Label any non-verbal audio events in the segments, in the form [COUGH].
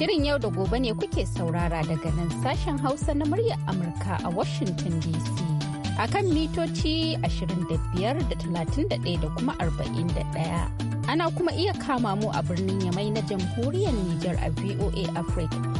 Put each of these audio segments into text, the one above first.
Shirin yau da gobe ne kuke saurara daga nan sashen Hausa na muryar Amurka a Washington DC. A kan mitoci 25 da da kuma 41. Ana kuma iya kama mu a birnin Yamai na jamhuriyar Nijar a VOA Africa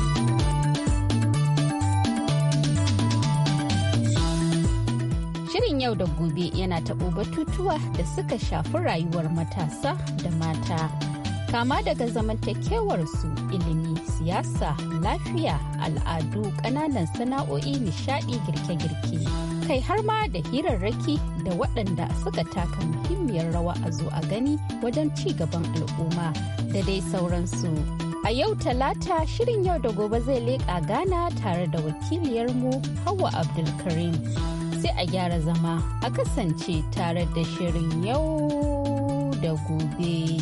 yau da gobe yana taɓo batutuwa da suka shafi rayuwar matasa da mata. Kama daga zamantakewarsu ilimi, siyasa, lafiya, al'adu, ƙananan sana'o'i, nishaɗi, girke-girke. Kai har ma da hirarraki da waɗanda suka taka muhimmiyar rawa a zo a gani wajen ci gaban al'umma da dai sauransu. A yau talata shirin yau da gobe zai leƙa gana tare da wakiliyarmu hawa Abdulkarim. sai a gyara zama a kasance tare da shirin yau da gobe.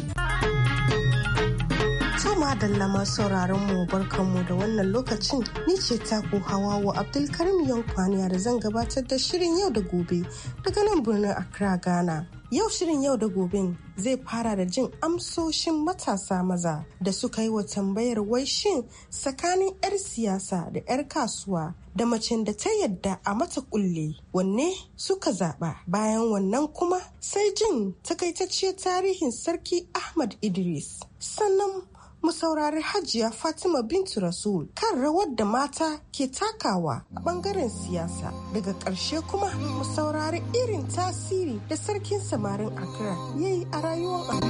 Sama da lama sauraron mu barkanmu da wannan lokacin ni ce taku hawawa Abdulkarim Yankwaniya da zan gabatar da shirin yau da gobe daga nan birnin Accra Ghana. Yau shirin yau da gobe zai fara da jin amsoshin matasa maza da suka yi wa tambayar wai shin tsakanin 'yar siyasa da 'yar kasuwa da macen da ta yadda a mata kulle wanne suka zaɓa bayan wannan kuma sai jin takaitacce tarihin sarki Ahmad Idris sannan mu saurari hajiya fatima bintu rasul kan rawar da mata ke takawa a bangaren siyasa daga ƙarshe kuma mu saurari irin tasiri da sarkin samarin accra ya yi a rayuwar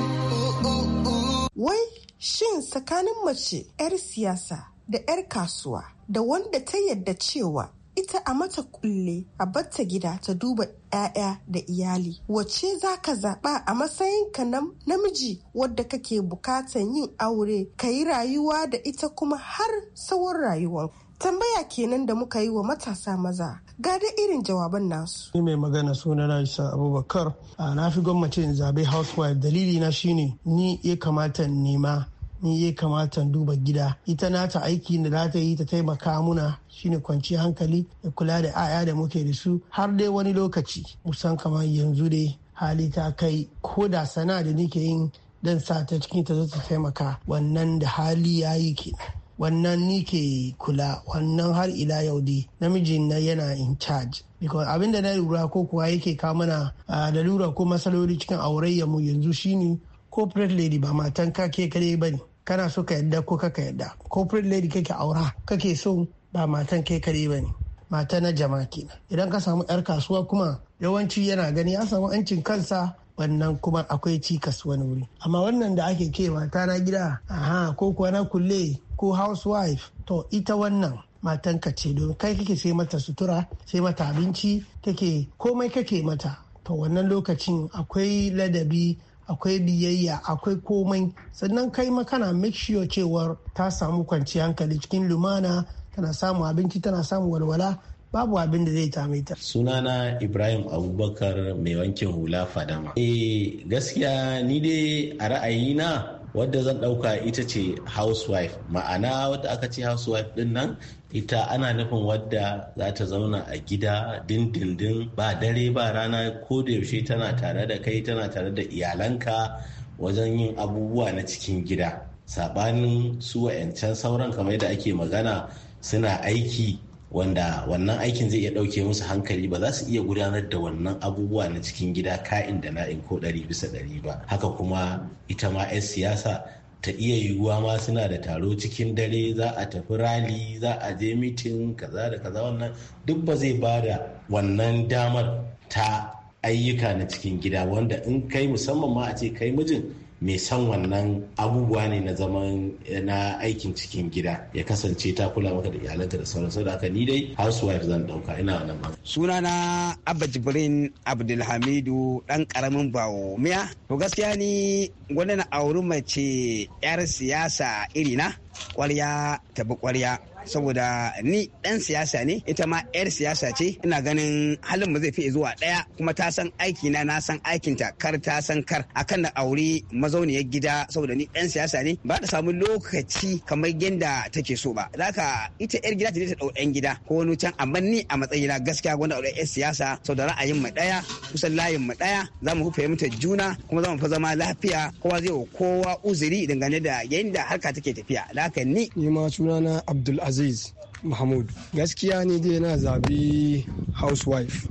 wai shin tsakanin mace 'yar siyasa da 'yar kasuwa da wanda ta yadda cewa ita a mata kulle a batta gida ta duba 'ya'ya da iyali wace za ka zaɓa a matsayinka na namiji wadda kake bukatan yin aure ka yi rayuwa da ita kuma har tsawon rayuwar tambaya kenan da muka yi wa matasa maza ga irin jawaban nasu. Ni mai magana suna na Isa Abubakar na fi gwamnati zaɓe zabe housewife dalili na shine ni ya kamata nema ni ya kamata duba gida ita na ta aiki da za ta yi ta taimaka muna shine kwanci hankali da kula da 'ya'ya da muke da su har dai wani lokaci musan kamar yanzu dai hali ta kai ko da sana da nake yin dan sa ta cikin ta zo ta taimaka wannan da hali ya yi ke wannan ni ke kula wannan har ila yau dai namijin na yana in charge because abin da na lura ko kuwa yake kawo mana da lura ko matsaloli cikin aurayya mu yanzu shine corporate lady ba matan ka ke kare ba kana so ka yadda ko kaka yadda corporate lady kake aura kake so ba matan kai kare ba ne mata na jama'a kenan idan ka samu yar kasuwa kuma yawanci yana gani ya samu yancin kansa wannan kuma akwai cikas wani wuri amma wannan da ake ke mata na gida aha ko kuwa na kulle ko housewife to ita wannan matan ka ce don kai kake sai mata sutura sai mata abinci kake komai kake mata to wannan lokacin akwai ladabi akwai biyayya akwai komai sannan kai ma kana make sure cewar ta samu kwanciyar hankali cikin lumana tana samu abinci tana samu walwala babu abin da zai tame ta. Sunana Ibrahim Abubakar mai wankin hula Fadama. Eh gaskiya ni dai a ra'ayina wadda zan ɗauka ita ce housewife ma'ana wadda aka ce housewife din nan ita ana nufin wadda za ta zauna a gida dindindin ba dare ba rana ko da yaushe tana tare da kai tana tare da iyalanka wajen yin abubuwa na cikin gida sabanin su wa'yancan sauran kamar da ake magana suna aiki wanda wannan aikin zai iya ɗauke musu hankali ba za su iya gudanar da wannan abubuwa na cikin gida ka'in da na'in ko ɗari bisa ɗari ba haka kuma ita ma 'yan siyasa ta iya yiwuwa ma suna da taro cikin dare za a tafi rali za a je mitin kaza da kaza wannan duk ba zai ba da wannan damar ta ayyuka na cikin gida wanda in kai musamman ma a ce kai mijin mai san wannan abubuwa ne na zaman na aikin cikin gida ya kasance ta kula maka da iyalanka da sauran sau da haka ni dai housewife zan dauka ina wannan ba. sunana abba jibrin abdulhamidu dan karamin bawo miya to gaskiya ni wani na auri mace yar siyasa irina kwarya ta bi kwarya saboda ni dan siyasa ne ita ma yar siyasa ce ina ganin halin mu zai fi zuwa daya kuma ta san aiki na na san aikin ta kar ta san kar akan na aure mazauniyar gida saboda ni dan siyasa ne ba ta samu lokaci kamar yadda take so ba zaka ita yar gida ta ta dau yan gida ko wani can amma ni a matsayina gaskiya gwanda aure yar siyasa saboda ra'ayin mu daya kusan layin mu daya za mu fahimta juna kuma za mu fi zama lafiya kowa zai wa kowa uzuri dangane da yanda harka take tafiya haka ne ni ma sunana abdulaziz mahmud gaskiya ne dai na zabi housewife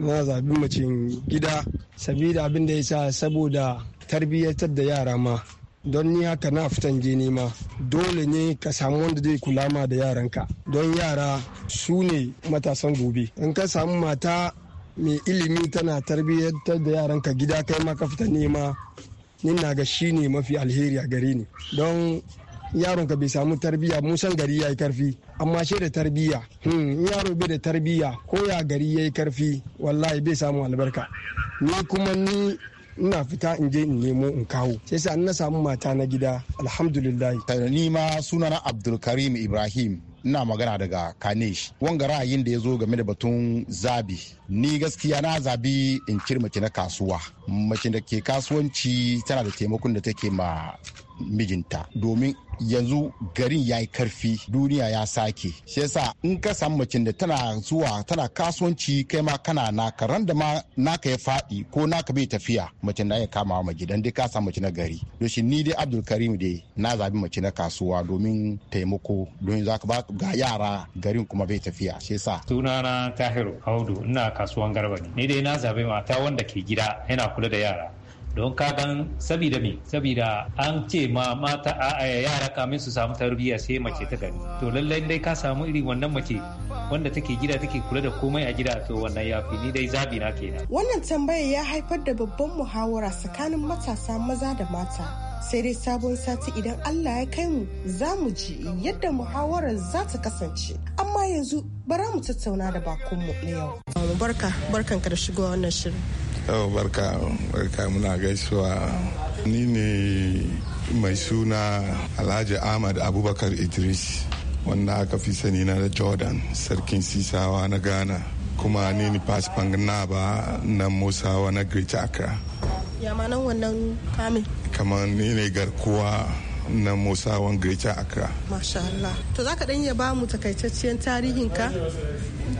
na zabi macin gida sabida abin da ya sa saboda tarbiyyatar da yara ma don ni haka na fitan je ma dole ne ka samu wanda zai kula ma da yaranka don yara su ne matasan gobe in ka samu mata mai ilimi tana tarbiyyantar da yaranka gida kai ma ka fita nema ni na ga shi ne mafi alheri a gari ne don yaron ka bai samu tarbiya mun san gari yayi karfi amma shi da tarbiya hmm yaro bai da tarbiya ko ya gari yayi karfi wallahi bai samu albarka ni kuma ni ina fita in je in nemo in kawo sai sa na samu mata na gida alhamdulillah ni ma sunana abdulkarim ibrahim ina magana daga kanesh wanga ra'ayin da ya zo game da batun zabi ni gaskiya na zabi in cire mace na kasuwa mace da ke kasuwanci tana da taimakon da take ma mijinta domin yanzu garin ya yi karfi duniya ya sake shi yasa in ka samu macin da tana zuwa tana kasuwanci kai ma kana naka ran da ma naka ya faɗi ko naka bai tafiya macin da ya kama ma gidan dai ka samu mace na gari doshi ni dai abdul karim dai na zabi mace na kasuwa domin taimako domin za ka ba ga yara garin kuma bai tafiya shi yasa sunana tahiru audu ina kasuwan garba ne ni dai na zabi mata wanda ke gida yana kula da yara don kagan sabida me sabida an ce ma mata a yara kamin su samu tarbiyya sai mace ta gani to lallai dai ka samu irin wannan mace wanda take gida take kula da komai a gida to wannan ya fi ni dai zabi na kenan wannan tambayar ya haifar da babban muhawara tsakanin matasa maza da mata sai dai sabon sati idan Allah ya kai mu za mu ji yadda muhawarar za ta kasance amma yanzu bara mu tattauna da bakunmu na yau barka barkanka da shigowa wannan shirin yau barka barka muna gaisuwa ni ne mai suna alhaji ahmad abubakar idris wanda aka fi sani na da jordan sarkin sisawa na ghana kuma ni ne fasfan ba na musawa na great accra yamanan wannan kamin kamar ni ne garkuwa na Musa Wangaita Accra. Masha Allah. To za ka ɗan ya ba mu takaitacciyar tarihin ka?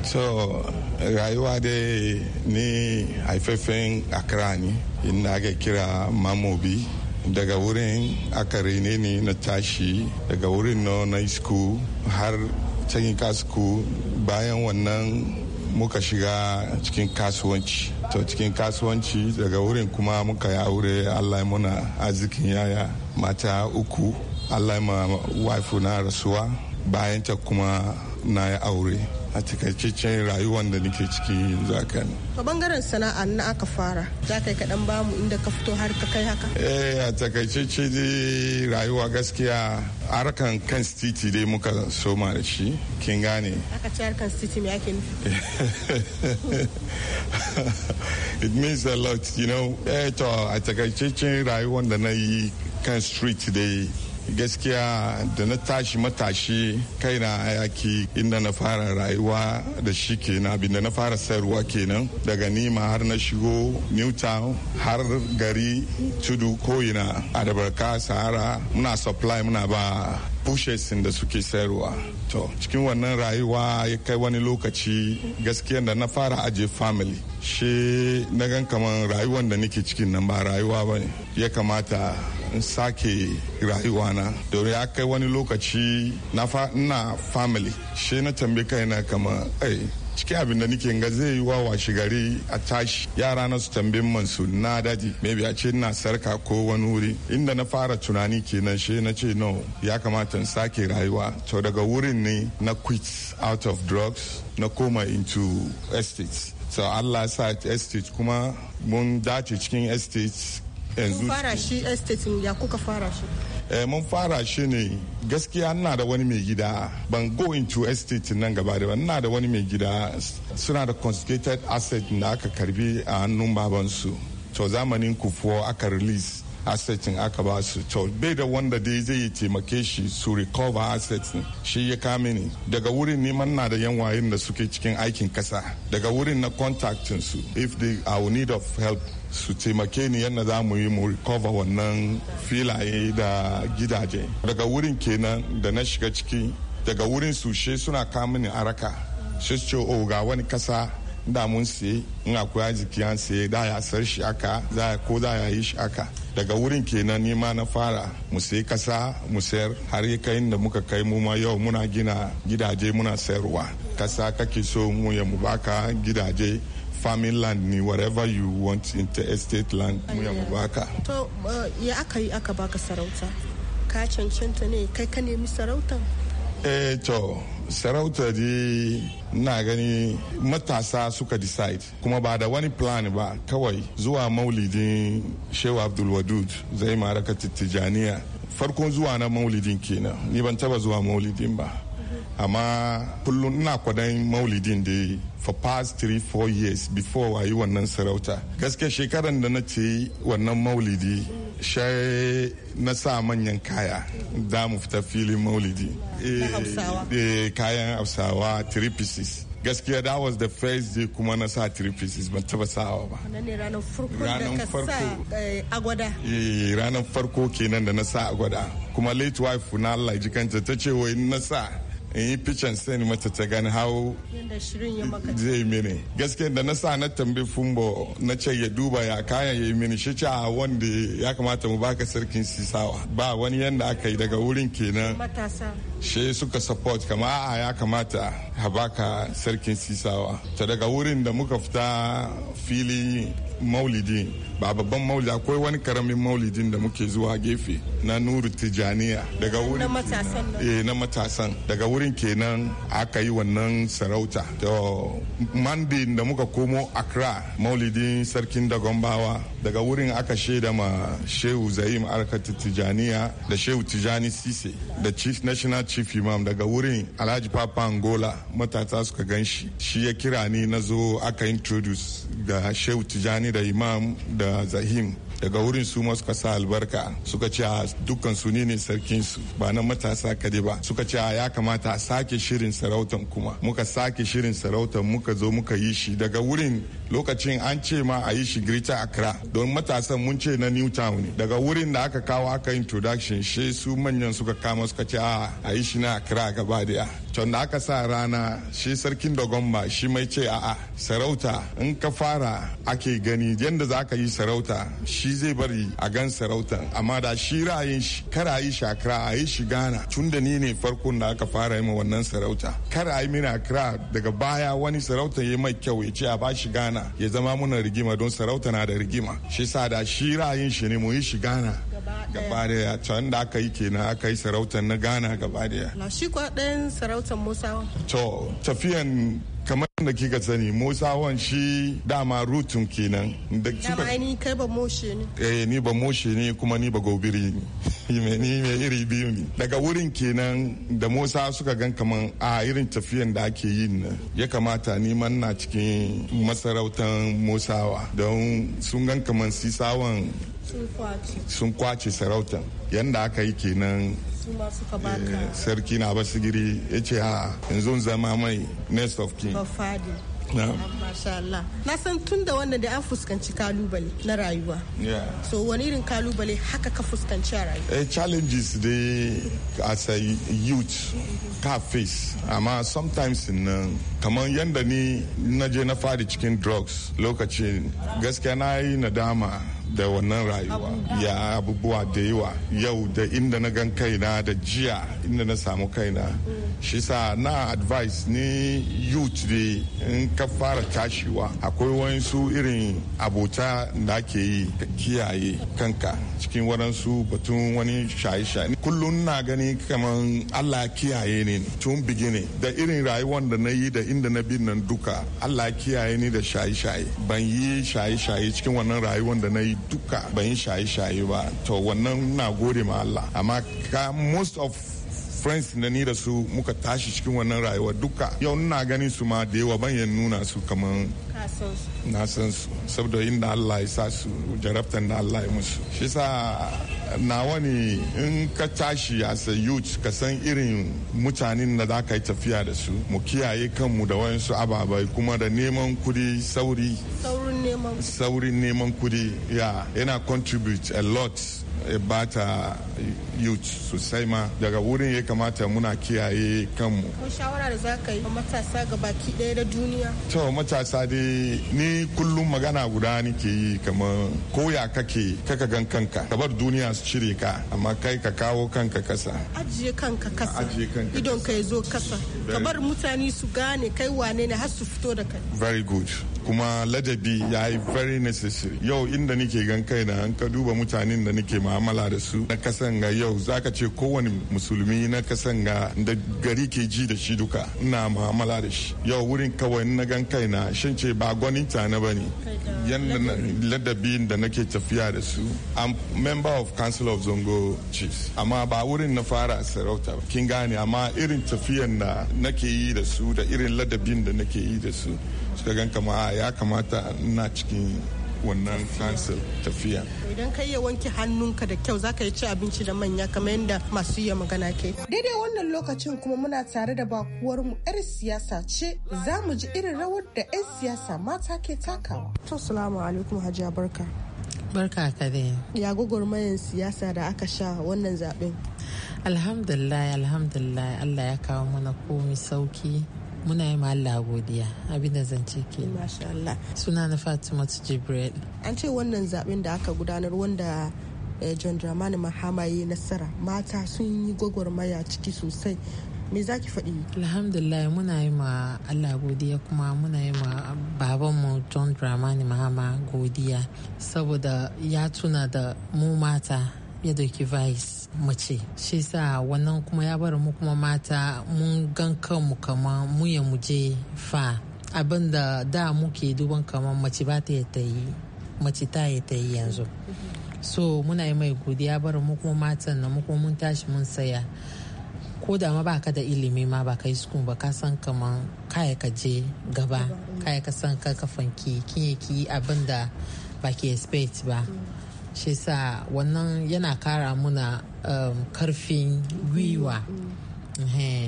So rayuwa dai ni haifafen Accra ne, ina ga kira Mamobi. Daga wurin aka rene ne na tashi daga wurin no na school har technical kasku bayan wannan muka shiga cikin kasuwanci to cikin kasuwanci daga wurin kuma muka ya aure allah muna arzikin yaya mata uku allah ma waifu na rasuwa bayanta kuma na ya aure a takaitaccen rayuwar da nake ciki yanzu haka ne. To bangaren sana'a na aka fara za ka yi kaɗan bamu inda ka fito har ka kai haka? Eh a takaitacce dai rayuwa gaskiya harkan kan titi dai muka soma da shi kin gane. Aka ce harkan titi me ake nufi? [LAUGHS] It means a lot you know. Eh to a takaitaccen rayuwar da na yi kan street dai gaskiya da na tashi matashi kaina yaki inda na fara rayuwa da shi kenan abin na fara sayarwa kenan daga nima har na shigo newtown har gari tudu ko'ina a dabarka sahara muna supply muna ba bushes da suke sayarwa to cikin wannan rayuwa ya kai wani lokaci gaskiya da na fara aje family shi na gan kamar rayuwan da nake cikin nan ba rayuwa ba ya kamata in sake rayuwa na domin ya kai wani lokaci na na family shi na tambi kaina kama ai cikin abin da nike ga zai yi wa washe gari a tashi yara na su tambayin man na daji maybe a ce na sarka ko wani wuri inda na fara tunani kenan shi na ce no ya kamata in sake rayuwa to daga wurin ne na quit out of drugs na koma into estates so allah sa estate kuma mun dace cikin estate yanzu fara shi estate ya kuka fara shi eh, mun fara shi ne gaskiya ina da wani mai gida ban go into estate nan gaba da ina da wani mai gida suna da consecrated asset da aka karbi a hannun babansu to zamanin kufuwa aka release assets aka ba su to bai da wanda dai zai yi taimake shi su recover assets shi ya kame ni daga wurin neman na da yan wayen da suke cikin aikin kasa daga wurin na contactin su if they are need of help su taimake ni yadda za mu yi mu recover wannan filaye da gidaje daga wurin kenan da na shiga ciki daga wurin su she suna kamini araka shi ce o oh, ga wani kasa da mun siye in akwai jiki an siye da ya sar shi aka za ko za ya yi shi aka daga wurin kenan ni ma na fara mu sayi kasa mu sayar har yi kai da muka kai mu ma yau muna gina gidaje muna sayarwa kasa kake so mu ya mu baka gidaje farming land ni whatever you want into estate land mu ya mu baka to eh, ya aka yi aka baka sarauta ka cancanta ne kai ka nemi sarauta eh to sarauta dai na gani matasa suka decide kuma ba da wani plan ba kawai zuwa maulidin shehu abdulwadud zai maraka tijjaniya farkon zuwa na maulidin kenan ni ban taba zuwa maulidin ba amma kullum ina kwadon maulidin da for past three four years before wayi wannan sarauta gaske shekaran da na ce wannan maulidi shai na sa manyan kaya da mu fita filin maulidi eh, eh, kayan hausawa three pieces gaskiya that was the first day kuma na sa three pieces ban taba sawa ba ranar farko eh, agwada ranar farko kenan da na sa agwada kuma late wife na Allah jikanta ta ce wai na sa in eh, yi picture sai mata ta gani hau zai mini gaskiya da na sa na tambi fumbo na ce ya duba ya kayan ya yi mini shi ce a ah, wanda ya kamata mu baka sarkin sisawa ba wani yanda aka yi daga wurin kenan shi suka support kama a ah, ya kamata ha baka sarkin sisawa ta daga wurin da muka fita fili maulidi ba babban maulidi akwai wani karamin maulidin da muke zuwa gefe na nuru tijaniya daga wurin na matasan eh, daga wurin kenan aka yi wannan sarauta to mande da muka komo accra maulidin sarkin dagombawa daga wurin aka shaida ma shehu zaim arkatu tijaniya da shehu tijani sise da chief national chief imam daga wurin alhaji papa angola matasa suka gan shi shi ya kira ni na zo aka introduce ga shehu tijani da imam da zahim daga wurin su ma suka albarka suka ce ah, dukkan su ne sarkin su ba na matasa kade ba suka ce ah, ya kamata a sake shirin sarautan kuma muka sake shirin sarautan muka zo muka yi shi daga wurin lokacin an ce ma a yi shi Greater Accra don matasan mun ce na new ne daga wurin da aka kawo aka introduction she su manyan suka kama suka ce ah, a yi shi na Accra gaba daya can da aka sa rana shi sarkin dogonba shi mai ce a'a sarauta in ka fara ake gani yadda za ka yi sarauta shi shi zai bari a gan sarauta amma da shi ra'ayin shi kar a yi shakra a yi shi gana tun da ni ne farkon da aka fara yi ma wannan sarauta kar a yi mini akra daga baya wani sarauta ya mai kyau ya ce a ba shi gana ya zama muna rigima don sarauta na da rigima shi sa da shi ra'ayin shi ne mu yi shi gana gaba daya can da aka yi kenan aka yi sarautar na ghana gaba daya na shi kwa ɗayan sarautar musawa to tafiyan kamar da kika sani musawan shi dama rutun kenan da kika ni kai ba moshe ne eh ni ba moshe ne kuma ni ba gobiri ne [LAUGHS] ni me iri biyu ne daga wurin kenan da musa suka gan kaman a irin tafiyan da ake yin nan ya kamata ni man na cikin masarautan musawa don sun gan kaman sisawan sun kwace sarautan yadda aka yi kenan eh, sarki na basigiri ya ce ha yanzu zama mai next of king ah, na san tun da wannan da an fuskanci kalubale na rayuwa so wani irin kalubale haka ka fuskanci a rayuwa eh, challenges dai as a youth ka face amma sometimes nan kamar yadda ni na je na fadi cikin drugs lokacin gaskiya na yi nadama da wannan rayuwa ya abubuwa da yawa yau da inda na gan kaina da jiya inda na samu kaina mm. shi sa na advice ni youth de in ka fara tashiwa akwai wasu irin abota da ake yi ka kiyaye kanka cikin waɗansu batun wani shaye-shaye kullum na gani kamar allah kiyaye ni tun bigini da irin rayuwar da na yi da inda na bin nan duka allah kiyaye ni da shaye-shaye ban yi shaye-shaye cikin wannan rayuwar da na yi duka yi shaye-shaye ba to wannan na gode ma Allah amma ka most of friends na ni da su muka tashi cikin wannan rayuwa duka yau na ganin su ma da yawa ban nuna su kamar na san su saboda inda Allah ya sa su jarabtan da Allah ya musu shi sa na wani in ka tashi a a youth ka san irin mutanen da za ka yi tafiya da su mu kiyaye kanmu da wayansu ababai kuma da neman kudi sauri neman saurin neman kudi ya yana contribute a lot about uh, youth sosai ma daga wurin ya kamata muna kiyaye kanmu. Ko shawara da za ka yi matasa ga baki ɗaya da duniya? To matasa dai ni kullum magana guda nake yi kamar koya kake kaka gan kanka ka bar duniya su cire ka amma kai ka kawo kanka kasa. Ajiye kanka kasa. Ajiye kanka. Idon ka ya zo kasa. Ka bar mutane su gane kai wane ne har su fito da kai. Very good. kuma ladabi ya yi very necessary yau inda nake gan kai na an ka duba mutanen da nake ma'amala da su na kasa kasan ga yau zaka ce kowane musulmi na kasan ga da gari ke ji da shi duka ina maamala da shi yau wurin kawai na gan na shin ce ba gwaninta na bane yanda ladabin da nake tafiya da su am member of council of zongo chiefs amma ba wurin na fara sarauta kin gane amma irin tafiyan da nake yi da su da irin ladabin da nake yi da su suka gan kama ah, ya kamata ina cikin wannan cancel tafiya idan kai ya wanke hannunka da kyau zaka yi ci abinci da manya kamar yadda masu iya magana ke daidai wannan lokacin kuma muna tare da bakuwar mu yar siyasa ce za mu ji irin rawar da yan siyasa mata ke takawa to salamu alaikum hajiya barka barka ka dai ya gwagwarmayan siyasa da aka sha wannan zaben alhamdulillah alhamdulillah allah ya kawo mana komai sauki muna yi ma Allah godiya abin da zan ce ke suna na Fatima Jibril an ce wannan zaben da aka gudanar wanda eh, John Dramani Mahama ya nasara mata sun yi gwagwarmaya ciki sosai me za ki faɗi alhamdulillah muna yi ma allah godiya kuma muna yi ma babanmu john dramani mahama godiya saboda ya tuna da mu mata yadda vice mace shi sa wannan kuma ya bar mu kuma mata mun gan kanmu kama mu ya muje fa abinda da da muke duban kama mace ba ta yi mace ta yi yi yanzu so muna yi mai godiya bar mu kuma matan na mu kuma mun tashi mun saya ko da ma baka da ilimi ma ba kai sukun ba ka san kaman kaya ka je gaba kaya ka san ka kafan ki kinye ki abin ba ke expect ba shi sa wannan yana kara muna um, karfin gwiwa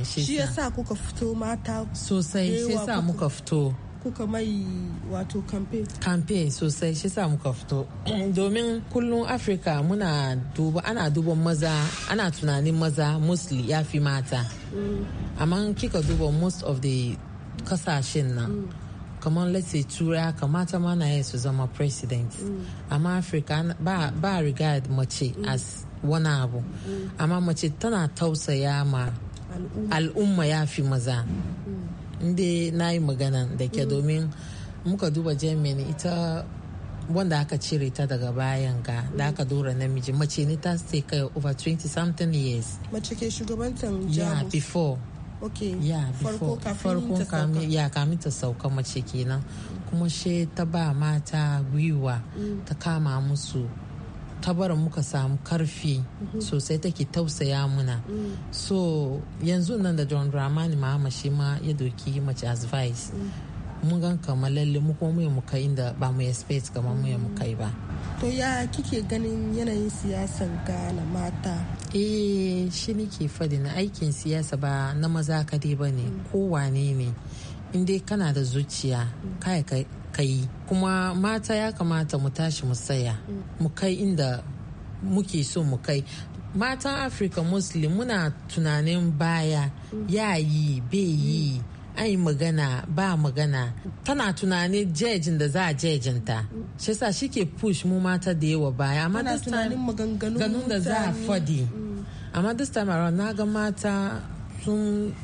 shi ya sa kuka fito mata sosai shi sa muka fito kuka mai wato campaign campaign sosai shi sa muka fito [CLEARS THROAT] domin kullum afirka muna duba ana duba maza ana tunanin maza mostly ya fi mata mm. amma kika duba most of the kasashen nan mm. kamar lets lati tura kamata ma na su zama president amma afirka ba riga mace as wani abu amma mace tana tausaya ma al'umma ya fi maza inda mm. na yi magana da ke mm. domin muka duba germany ita wanda aka cire ta daga bayan ga mm. da aka dora namiji mace ne ta stay kai over 20 something years mace ke shugabantar jamus yeah before ok farko kamin ya kamin ta sauka mace kenan kuma she ta ba mata gwiwa mm. ta kama musu tabar muka samu karfi mm-hmm. sosai take tausaya muna mm. so yanzu nan da john ramani ma shi ma ya doki mace as vice mm. mun gan kamar lalle mu kuma mu kai inda ba mu space kamar mu mu kai ba to ya kike ganin yanayin siyasan Ghana mata eh shi ne ke fadi na aikin siyasa ba na maza kadai bane kowane ne in dai kana da zuciya kai ka yi kuma mata ya kamata mu tashi mu tsaya mu kai inda muke so mu kai matan afirka muslim muna tunanin baya ya yi bai yi ai magana ba magana tana tunanin jejin da za a jejinta shi sa shi ke push mu mata da yawa baya amma da tunanin maganganun da za a fadi mm. amma this time around na ga mata sun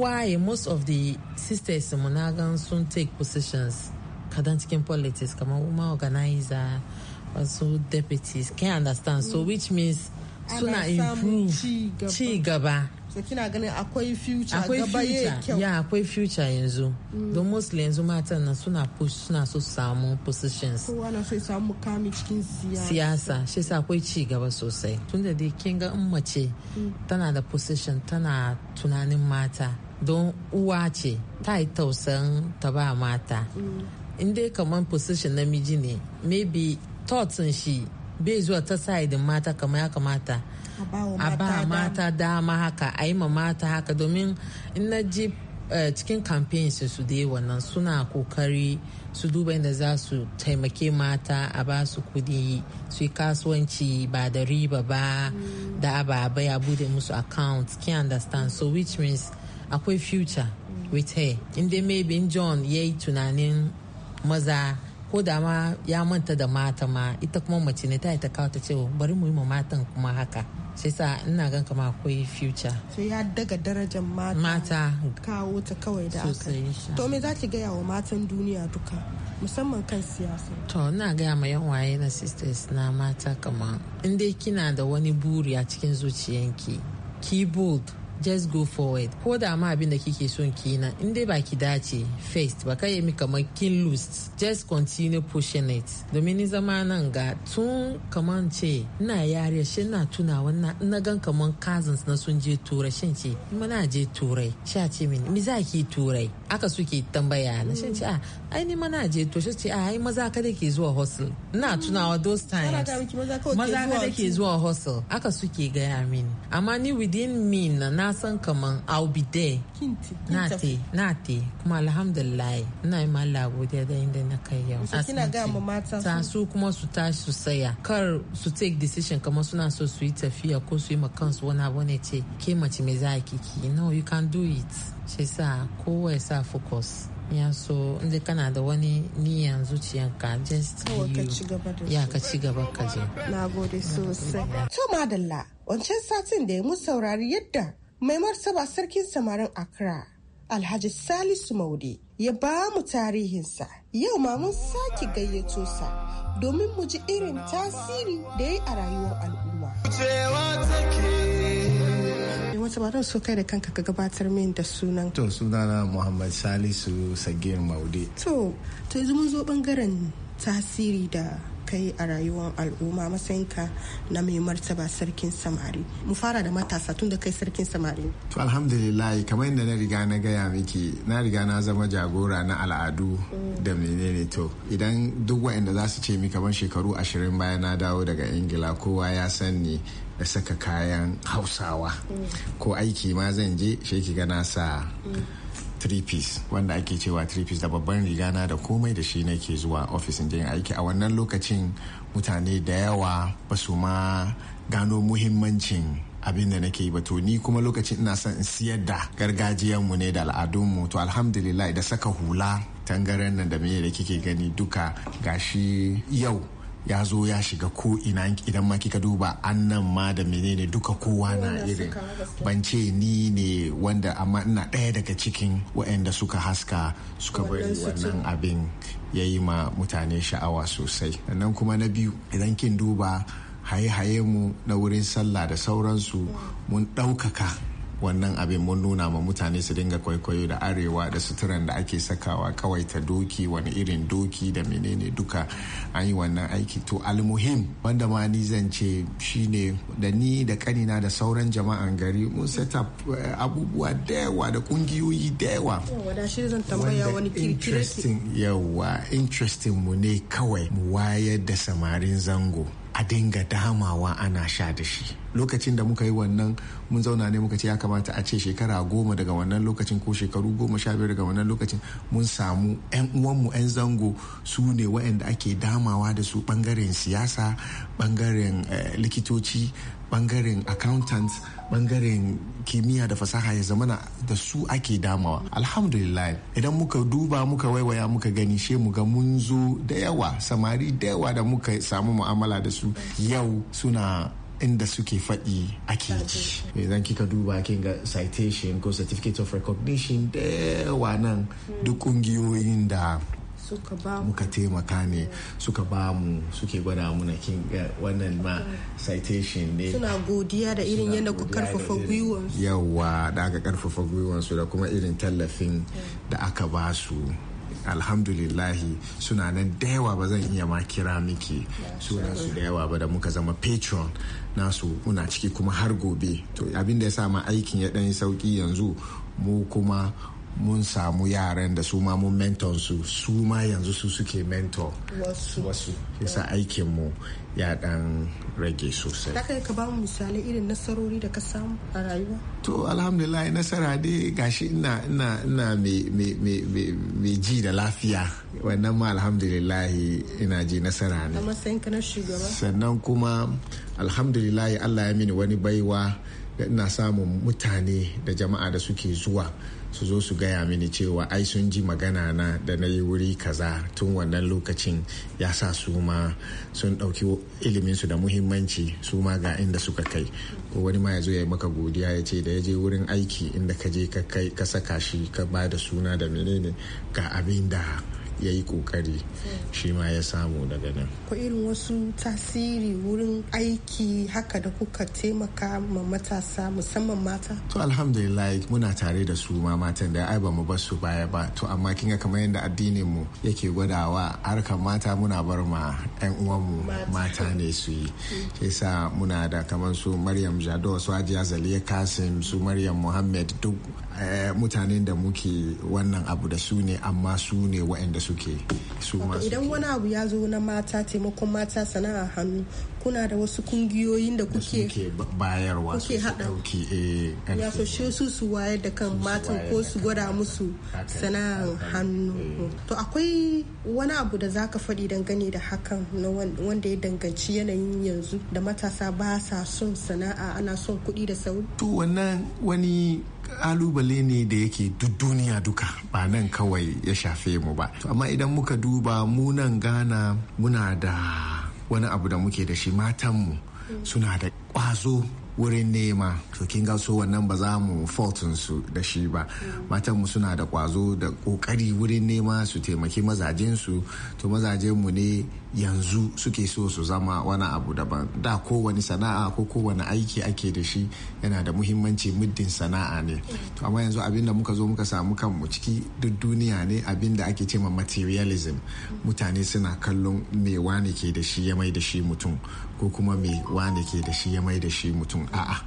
waye most of the sisters mu na gan sun take positions kadan cikin politics kamar woman organizer wasu deputies can understand so mm. which means suna improve ci gaba so kina ganin akwai future akwai future ya akwai future yanzu mm. don mostly yanzu matan na suna push suna so samu positions kowa na so samu cikin siyasa siyasa shi sa akwai ci gaba sosai tunda dai kin ga in mace mm. tana da position tana tunanin mata don uwa ce ta yi tausan ta ba mata mm. in dai kamar position namiji ne maybe thoughts shi bai zuwa ta sa'idin mata kamar ya kamata a ba mata dama haka a yi ma mata haka domin in na ji eh, cikin campaigns su su dai wannan suna kokari su duba inda za su taimake mata a ba su kudi su yi kasuwanci ba da riba ba mm. da ababai a bude musu account can understand so which means akwai future mm. with her inda maybe in john ya yi tunanin maza ko da ma ya manta da mata ma ita kuma mace ne ta yi ta kawo ta ce oh, bari mu yi ma matan kuma haka sai sa ina gan kama akwai future so ya daga darajar mata kawo ta kawai da aka to me za ki gaya wa matan duniya duka musamman kan siyasa to ina gaya ma yan waye na sisters na mata kama in dai kina da wani buri a cikin zuciyanki ki bold just go forward ko da ma abin da kike son kenan in dai baki dace first ba kai mi kamar kin lose just continue pushing it domin zama nan ga tun kaman ce ina yare shi na tuna wannan ina gan kaman cousins na sun je turai shin ce muna je turai sha ce min mi za ki turai aka suke tambaya na shin ce a ah, ai ni mana je to shi ce a ah, ai maza ka ke zuwa hustle ina hmm. tunawa those times maza ka ke zuwa hustle aka suke gaya min amma ni within me na na san kaman I'll be there. Na te, na te, kuma alhamdulillah ina yi ma godiya da inda na kai yau. Kina ga ta su kuma su tashi su saya kar su take decision kamar suna so su yi tafiya ko su yi ma kansu wani abu ne ce ke mace me za ki ki no you can do it. Shi sa kowa ya sa focus. ya so inda kana da wani niyan zuciyanka just you ya ka ci gaba ka je na gode sosai to madalla wancan satin da ya mu saurari yadda mai martaba sarkin samarin accra alhaji salisu maude ya ba mu tarihinsa yau ma mun sake gayyato sa domin mu ji irin tasiri da ya yi a rayuwar al'umma wata ba so kai da kanka ka gabatar min da sunan to sunana muhammad salisu sagir maude to to yanzu mun zo bangaren tasiri da kai a rayuwar al'umma masanka na mai martaba sarkin samari mu fara da matasa tun da kai sarkin samari to alhamdulillah kamar yadda na riga na gaya miki na riga na zama jagora na al'adu da menene to idan duk waɗanda za su ce mi kamar shekaru ashirin baya na dawo daga ingila kowa ya sanni da saka kayan hausawa mm. ko aiki ma zan je shi ga na sa three wanda ake cewa three da babban riga na da komai da shi nake zuwa ofis in aiki a wannan lokacin mutane da yawa ba su ma gano muhimmancin abin da nake yi ba to ni kuma lokacin ina son in siyar da gargajiyanmu ne da al'adunmu to alhamdulillah da saka hula tangaren nan da me da kike gani duka gashi yau ya zo ya shiga ko ina idan ma kika duba annan ma da menene duka kowa na irin ban ce ni ne wanda amma ina ɗaya daga cikin waɗanda suka haska suka bari wannan abin ya yi ma mutane sha'awa sosai sannan kuma na biyu idan kin duba haye-haye mu na wurin sallah da sauransu mm. mun ɗaukaka wannan abin mun nuna ma mutane su dinga kwaikwayo da arewa da suturan da ake sakawa kawai ta doki wani irin doki da menene duka an yi wannan aiki to almuhim wanda ma ni zan ce shine da ni da kanina da sauran jama'an gari mun set up eh, abubuwa da yawa da kungiyoyi da yawa interesting yawa interesting mu ne kawai mu wayar da samarin zango a dinga damawa ana sha da shi lokacin da muka yi wannan mun zauna ne muka ce ya kamata a ce shekara goma daga wannan lokacin ko shekaru goma sha biyar daga wannan lokacin mun samu 'yan uwanmu 'yan zango su ne waɗanda ake damawa da su ɓangaren siyasa ɓangaren eh, likitoci bangaren accountant bangaren kimiyya da fasaha ya zamana da su ake damawa alhamdulillah idan muka duba muka waiwaya muka gani she mu ga mun zo da yawa samari da yawa da muka samu mu'amala da su yau suna inda suke faɗi ake ji idan kika duba kin ga citation ko certificate of recognition da yawa nan duk ƙungiyoyin da muka taimaka ne suka ba mu suke gwada muna kin wannan ma citation ne suna godiya da irin yadda ku karfafa gwiwansu yawa da aka karfafa gwiwansu da kuma irin tallafin da aka ba su alhamdulillahi suna nan da yawa ba zan iya ma kira miki suna su da yawa ba da muka zama patron nasu muna ciki kuma har gobe to abin da ya sa ma aikin ya dan sauki yanzu mu kuma mun samu yaran da su ma mun mentor su su ma yanzu su suke mentor wasu yasa aikin mu ya dan rage sosai da kai ka ba mu misali irin nasarori da ka samu a rayuwa to alhamdulillah nasara dai gashi ina ina ina mai ji da lafiya wannan ma alhamdulillah ina ji nasara ne amma sai ka na shugaba sannan kuma alhamdulillah Allah ya mini wani baiwa da ina samun mutane da jama'a da suke zuwa su zo su gaya mini cewa ai sun ji magana na da na yi wuri kaza tun wannan lokacin ya sa su ma sun ɗauki iliminsu da muhimmanci su ma ga inda suka kai ko wani ma ya zo ya maka godiya ya ce da ya je wurin aiki inda ka je ka saka shi ka ba da suna da menene ga abin da ya yi kokari shi ma ya samu daga nan ko irin wasu tasiri wurin aiki haka da kuka taimaka ma matasa musamman mata to alhamdulillah muna tare da su ma matan da ai ba mu su baya ba to amma kinga kamar yadda addinin mu yake gwadawa harkar mata muna bar ma yan uwanmu mata ne su yi yasa muna da kamar su maryam jado su hajiya zaliya kasim su maryam muhammad duk eh, mutanen da muke wannan abu da su ne amma su ne waɗanda suke su ma idan wani abu ya zo na mata taimakon mata sana'a hannu kuna da wasu kungiyoyin da kuke bayarwa kuke hada eh, ya so shi su su wayar da kan matan ko su gwada musu sana'ar hannu eh. to akwai wani abu da zaka faɗi dangane da hakan na wanda ya danganci yanayin yanzu da matasa ba sa son sana'a ana son kuɗi da sauri to wannan wani kalubale ne da yake duk duniya duka ba nan kawai ya shafe mu ba amma idan muka duba munan ghana muna da wani abu da muke da shi matanmu suna da ƙwazo wurin nema to kin ga so wannan ba za mu faultin su da shi ba matanmu suna da kwazo da kokari wurin nema su taimaki mazajen su to mazajen mu ne yanzu suke so su zama wani abu daban da kowane sana'a ko kowane aiki ake da shi yana da muhimmanci muddin sana'a ne to amma yanzu abin da muka zo muka samu kanmu ciki duk duniya ne abin da ake cema materialism mutane suna kallon me wane ke da shi ya mai da shi mutum ko kuma me wane ke da shi ya mai da shi mutum a'a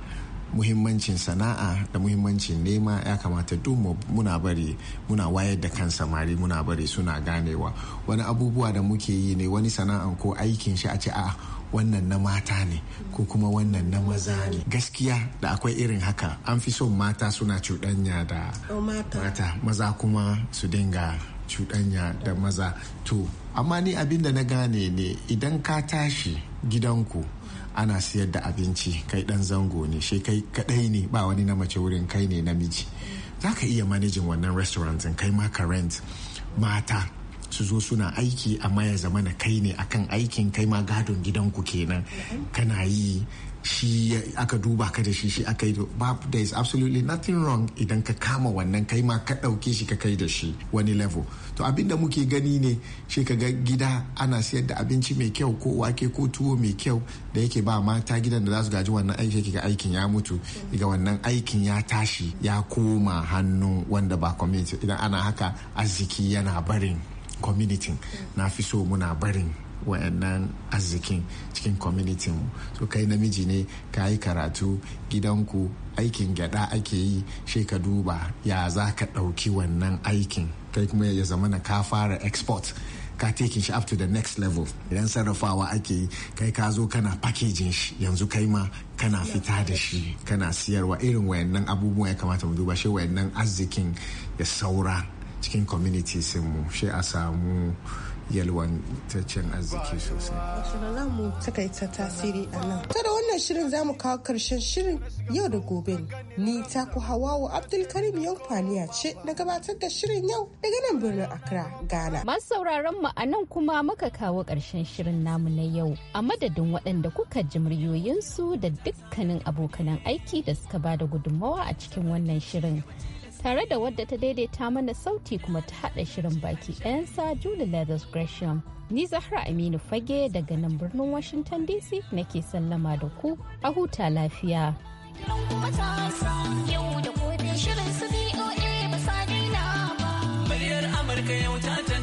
muhimmancin sana'a da muhimmancin nema ya kamata duk muna bari muna wayar da kan samari muna bari suna ganewa wani abubuwa da muke yi ne wani sana'an ko aikin shi a ce a wannan na mata ne ko kuma wannan na maza ne gaskiya da akwai irin haka an fi son mata suna cuɗanya da oh, mata maza kuma su dinga cuɗanya da maza to amma ni abin da na gane ne idan ka tashi gidanku ana siyar da abinci kai dan zango ne shi kai kadai ne ba wani na mace wurin kai ne namiji za ka iya manajin wannan restaurant kai ma ka rent mata su zo suna aiki a maya zama kai ne akan aikin kai ma gadon gidanku kenan kana yi shi aka duba ka da shi shi aka yi babu there is absolutely nothing wrong idan ka kama wannan kai ma ka dauke shi ka kai da shi wani level to abin da muke gani ne shi ka gida ana siyar da abinci mai kyau ko wake ko tuwo mai kyau da yake ba mata gidan da za su gaji wannan aiki ga aikin ya mutu daga wannan aikin ya tashi ya koma hannu wanda ba community idan ana haka arziki yana barin community mm. na fi so muna barin wa'annan arzikin cikin community mu so kai namiji ne ka yi karatu gidanku aikin gyada ake yi she ka duba ya za ka ɗauki wannan aikin kai kuma ya zama na ka fara export ka taking shi up to the next level idan sarrafawa ake yi kai ka zo kana packaging shi yanzu kai ma kana fita da shi kana siyarwa irin wayannan abubuwan ya kamata mu duba shi wayannan arzikin ya saura cikin communities mu shi a samu yalwantaccen arziki sosai. Shirin za mu ta tasiri a nan. ta da wannan shirin za mu kawo karshen shirin yau da gobe. Ni ta ku Hawawu Abdulkarim faniya ce na gabatar da shirin yau daga nan birnin Accra, Ghana. Masu sauraron mu a nan kuma muka kawo karshen shirin namu na yau. A madadin waɗanda kuka ji muryoyinsu da dukkanin abokanan aiki da suka ba da gudunmawa a cikin wannan shirin. tare da wadda ta daidaita mana sauti kuma ta haɗa shirin baki sa Julie Leathers Gresham. Ni Zahra Aminu Fage daga nan birnin Washington DC nake sallama da ku a huta lafiya. Amurka yau ta